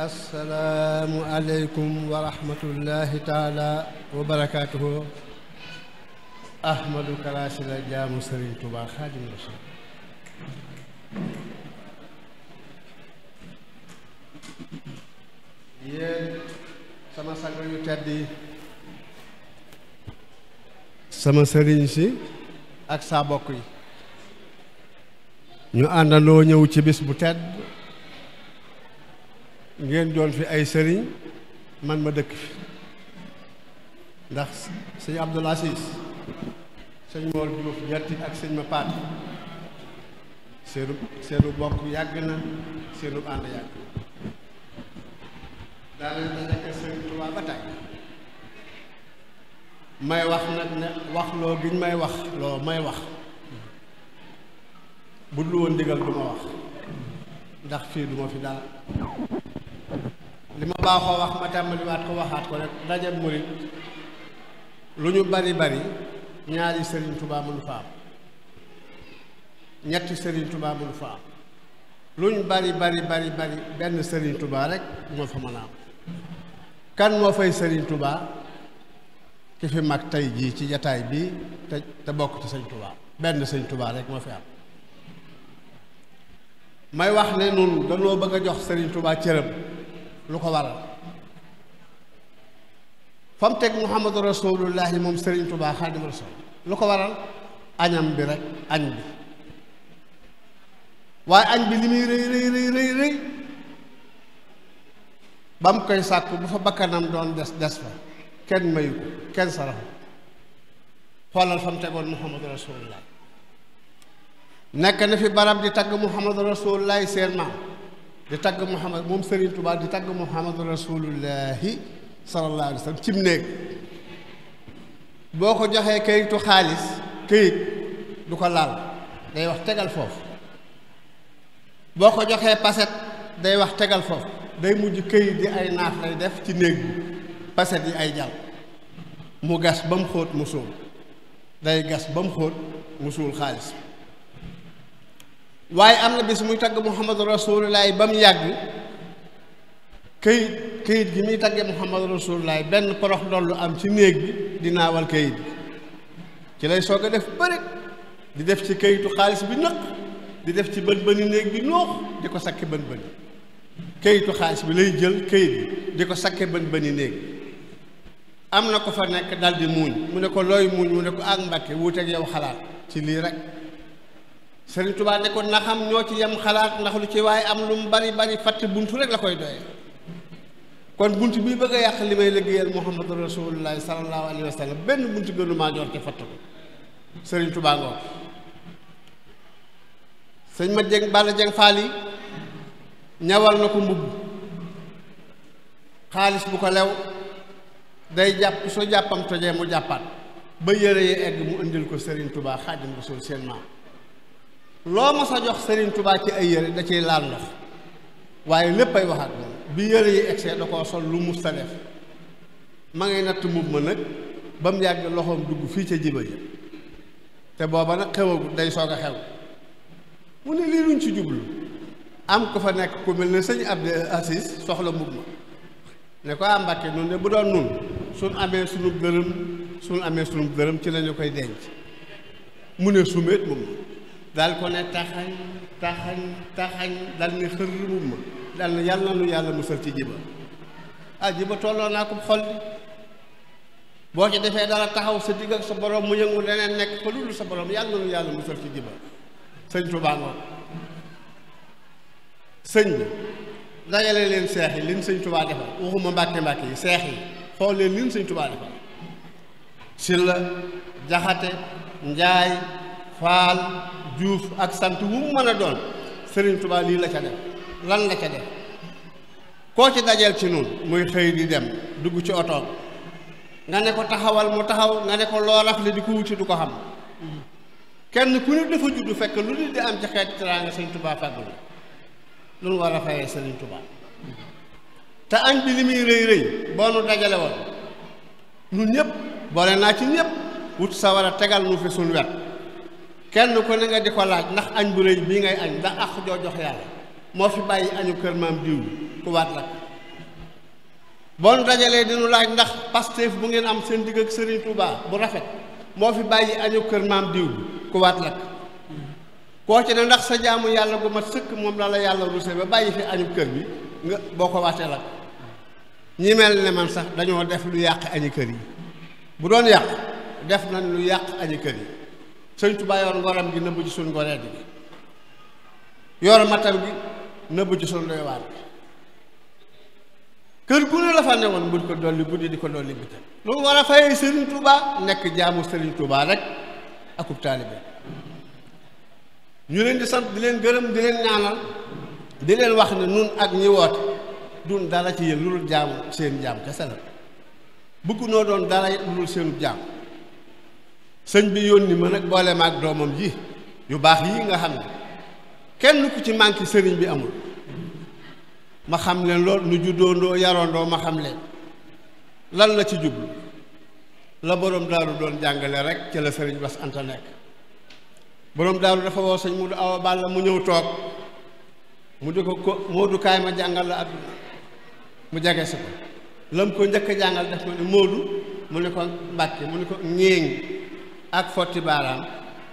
assalaamu aleykum wa rahmatullahi taala wa barakaatuhu ahmadu kalaasi la jaamu sëriñ tubaa xaadim rasul yéen sama sang yu tedd yi sama sëriñ si ak saa bokk yi ñu àndandoo ñëw ci bis bu tedd ngeen doon fi ay sëriñ man ma dëkk fi ndax sëñ Abdoul Aziz sëñ Mor Diouf Yatti ak sëñ ma paat seenu bokk yàgg na seenu ànd yàgg daanañ da nekk sëñ Tuubaa ba tey may wax nag ne wax loo giñ may wax loo may wax bu dul woon ndigal du wax ndax fii du fi dal li ma baaxoo wax ma tàmbaliwaat ko waxaat ko rek dajab murit lu ñu bari bari ñaari sëriñ tubaa mënu fa am ñetti sëriñ tubaa mënu fa am lu ñu bari bari bari benn sëriñ tubaa rek moo fa mën a kan moo fay sëriñ tubaa ki fi mag tey jii ci jataay bi te te bokk ci sëñ tubaa benn sëñ tubaa rek moo fi am may wax ne nun danoo bëgg a jox sëriñ tubaa cëram lu ko waral fa mu teg muhammadu rasulullahi moom sëriñ tubaa xaadim rasul lu ko waral añam bi rek añ bi waaye añ bi li muy rëy rëy rëy ba mu koy sàkku bu fa bakkanam doon des des fa kenn mayu ko kenn sarafu xoolal fa mu tegoon muhammadu rasulullahi nekk na fi barab di tagg muhammadu rasulullahi seen maam di tagg Muhammad moom Serigne Touba di tagg Muhammadu Rasulullahi sallallahu alayhi wa sallam cim néeg boo ko joxee kayitu xaalis kayit du ko laal day wax tegal foofu boo ko joxee paset day wax tegal foofu day mujj kayit yi ay naaf lay def ci néeg bi paset yi ay jàll mu gas ba mu xóot mu suul day gas ba mu xóot mu suul xaalis waaye am na bis muy tagg muhammadu rasulullahi ba mu yàgg këyit këyit gi muy tagge muhammadu rasulullahi benn porox dollu am ci néeg bi di naawal këyit bi ci lay soog a def bëri di def ci këyitu xaalis bi nëq di def ci bën bëni néeg bi noox di ko sakke bën bëni këyitu xaalis bi lay jël këyit bi di ko sakke bën bëni néeg bi am na ko fa nekk daldi muuñ mu ne ko looy muuñ mu ne ko ak mbàkke wuuteeg yow xalaat ci lii rek Sëriñ tubaa ne ko naxam ñoo ci yem xalaat ndax lu ci waaye am lu mu bari bari fàtte buntu rek la koy doyee kon bunt bii bëgg a yàq li may liggéeyal Muhammadu Rasulullahi sallallahu alayhi wa sallam benn buntu gënu maa joor ci fatt ko Sëriñ sëñ ma jëng Balla Jëng Faal yi ñawal na ko mbubb xaalis bu ko lew day jàpp soo jàppam tojee mu jàppaat ba yëre yi egg mu indil ko Sëriñ Tuubaa Xaadimu Rasuul seen maam loo mos a jox Serigne Touba ci ay yére da ciy laal ndox waaye lépp ay waxaat moom bi yére yi egsee da koo sol lu mus ta def ma ngay natt mbubb ma nag ba mu yàgg loxoom dugg fii ca jiba yi te booba nag xewagut day soog a xew mu ne lii luñ ci jublu am ko fa nekk ku mel ne sëñ Abdou Assis soxla mbubb ma ne ko am ah, Mbàkke noonu ne bu doon nun suñ amee sunu dërëm suñ amee sunu dërëm ci lañu koy denc mu ne sumeet mbubb ma daal ko ne taxañ taxañ taxañ daal ne xër ma dal ne yàlla yàlla musal ci jiba ah jiba tolloo naa ko xol boo ci defee dara taxaw sa digg ak sa borom mu yëngul yëngu leneen nekk fa loolu sa borom yàlla nu yàlla musal ci jiba sëñ Tuubaa ngoon sëñ bi dajale leen seex yi lin sëñ Tuubaa defal waxuma mbàkke mbàkke yi seex yi xool leen lin sëñ Tuubaa defal si jaxate njaay faal juuf ak sant wu mu mën a doon sëriñ tubaab lii la ca def lan la ca def koo ci dajeel ci nun mooy xëy di dem dugg ci otoom nga ne ko taxawal mu taxaw nga ne ko loo rafle di ko ci du ko xam kenn ku ne dafa juddu fekk lu nit di am ci xeet teraanga sëriñ Tuubaa fàggu la lu nu war a fayee sëriñ Tuubaa te añ bi li muy rëy rëy boo nu dajale woon nun ñëpp boole naa ci ñëpp wut sa war a tegal nu fi suñ wet kenn ko ne nga di ko laaj ndax añ bu rëy bii ngay añ ndax ak joo jox yàlla moo fi bàyyi añu kër maam diw ku waat la boo dajalee dinu laaj ndax Pastef bu ngeen am seen digg ak Serigne baax bu rafet moo fi bàyyi añu kër maam diw ku waat la koo ci ne ndax sa jaamu yàlla gu mat sëkk moom la la yàlla ruse ba bàyyi fi añu kër bi nga boo ko waatee la ñi mel ne man sax dañoo def lu yàq añu kër yi bu doon yàq def nañ lu yàq añu kër yi sëñ Tuubaa yor ngoram gi nëbb ci suñ ngoreet gi yor matam gi nëbb ci suñ doy waar bi kër gu ne la fa ne woon mun ko dolli guddi di ko dolli bi lu war a fayee sëriñ Tuubaa nekk jaamu sëriñ tubaa rek akub taalibe ñu leen di sant di leen gërëm di leen ñaanal di leen wax ne nun ak ñi woote dun dara ci yéen lu dul jaamu seen jaam kese la bëgg noo doon dara lu dul seenu jaam sëñ bi yónni ma nag boole ma ak doomam yi yu baax yii nga xam ne kenn ku ci manqué sëriñ bi amul ma xam leen lool nu juddoondoo yaroondoo ma xam leen lan la ci jublu la boroom daaru doon jàngale rek ci la sëriñ Bass Anta nekk boroom daaru dafa woo sëñ Modou Awa Balla mu ñëw toog mu di ko ko Modou kaay ma jàngal la àdduna mu jege si ko lam ko njëkk a jàngal def ma ne Modou mu ne ko Mbàkke mu ne ko ñéeng ak fotti baaraam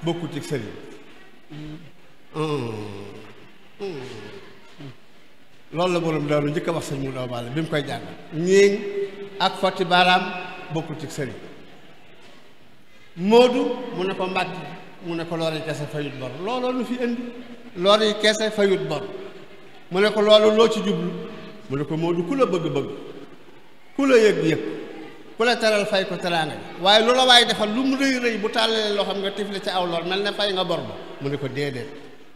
bokkut ci sëriñ loolu la borom daaru njëkk a wax sëñ mu doo bàll bi mu koy jàng ñéeñ ak fotti baaraam bokkut ci sëriñ moodu mu ne ko mbàcc mu ne ko loolu kese fayut bor looloo nu fi indi loolu kese fayut bor mu ne ko loolu loo ci jublu mu ne ko moodu ku la bëgg-bëgg ku la yëg-yëg ku la teral fay ko teraanga ji waaye lu la waaye defal lu mu rëy rëy bu tàllalee loo xam nga tifli ci aw lool mel na fay nga bor ba mu ne ko déedéet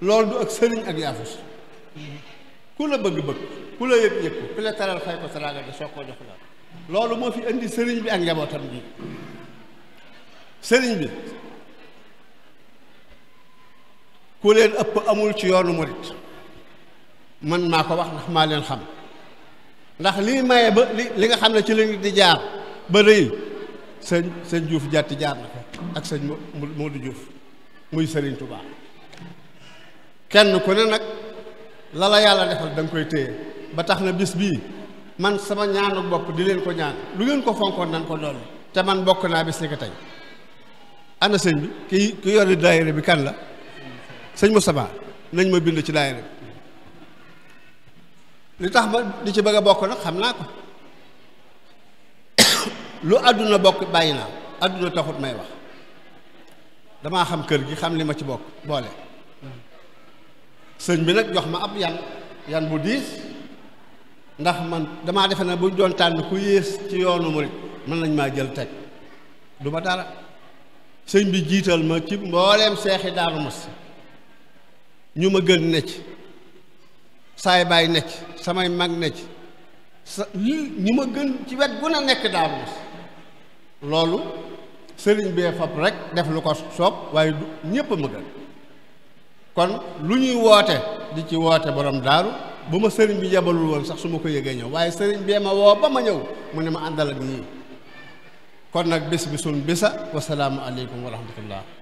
lool du ak sëriñ ak yaafus ku la bëgg-bëgg ku la yëg yëg ku la teral fay ko teraanga ji soo ko jox la loolu moo fi indi sëriñ bi ak njabootam bi sëriñ bi ku leen ëpp amul ci yoonu murit man maa ko wax ndax maa leen xam ndax lii maye ba li li nga xam ne ci lañu di jaar ba rëy sëñ sëñ juuf jàtti jaar na fa ak sëñ Modou Diouf muy Serigne Touba kenn ku ne nag la la yàlla defal da nga koy téye ba tax na bis bii man sama ñaanu bopp di leen ko ñaan lu ngeen ko fonkoon nan ko doon te man bokk naa bis ni ko tey ana sëñ bi ki ki yore daayira bi kan la sëñ Moustapha nañ ma bind ci daayira bi li tax ma di ci bëgg a bokk nag xam naa ko lu àdduna bokk bàyyi naa àdduna taxut may wax damaa xam kër gi xam li ma ci bokk boole sëñ bi nag jox ma ab yan yan bu diis ndax man damaa defe ne bu doon tànn ku yées ci yoonu murit mën nañ maa jël teg duma ma dara sëñ bi jiital ma ci mbooleem seexi Daaru Muxti ñu ma gën ne ci saay bàyyi ne ci samay mag ne ci sa ñu ma gën ci wet gu na nekk Daaru Muxti loolu sëriñ bee fab rek def lu ko soob waaye ñépp a ma gën kon lu ñuy woote di ci woote borom daaru bu ma sëriñ bi yebalul woon sax su ma ko yëgee ñëw waaye sëriñ bee ma woo ba ma ñëw mu ne ma àndal ak ñii kon nag bés bi sun bisa wasalaamu aleykum wa